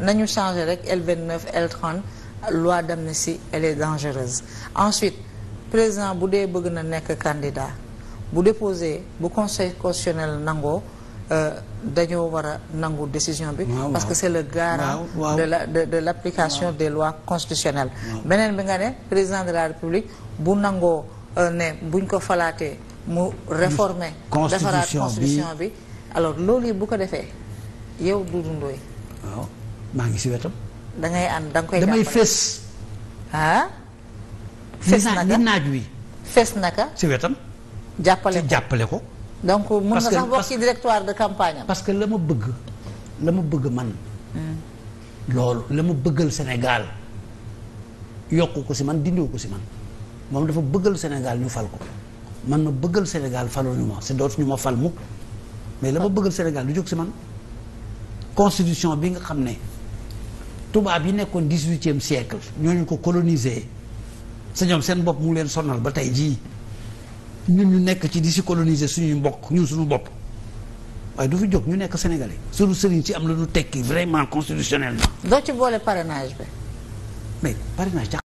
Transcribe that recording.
nañu changé rek L29 L30 loi d'amnistie elle est dangereuse ensuite président bu dee bëgg na nekk candidat bu déposé bu conseil constitutionnel nangoo euh, dañoo war a nangu décision bi parce que c'est le garant de la de, de l'application des lois constitutionnelles beneen bi nga ne président de la république bu nangoo euh, ne buñ ko falaatee mu réformer defaraat constitution bi alors loolu yi bu ko defee yow Doudou Ndoye maa ngi si wetam. da ngay ànd da koy damay fees. ah. fees naka ni naaj wi. fees naka. si wetam. jàppale ko jàppale ko. donc mën na sax bokk ci directoire de campagne parce que la ma bëgg la ma bëgg man. Hmm. loolu la ma bëggal Sénégal yokku ko si man dindiwu ko si man moom dafa bëggal Sénégal ñu fal ko man ma bëggal Sénégal faluñu ma si dootuñu ma fal mukk mais la ma bëggal Sénégal du jóg si man constitution bi nga xam ne. tubaab yi nekkoon dix-huitième siècle ñooñu ko colonisé sa ñoom seen bopp mu leen sonal ba tey jii ñun ñu nekk ci di si coloniser suñuy mbokk ñun suñu bopp waaye du fi jóg ñu nekk sénégalais suñu sëriñ si am la ñu tekki vraiment constitutionnellement doo ci boole parrainage bi mais parrainage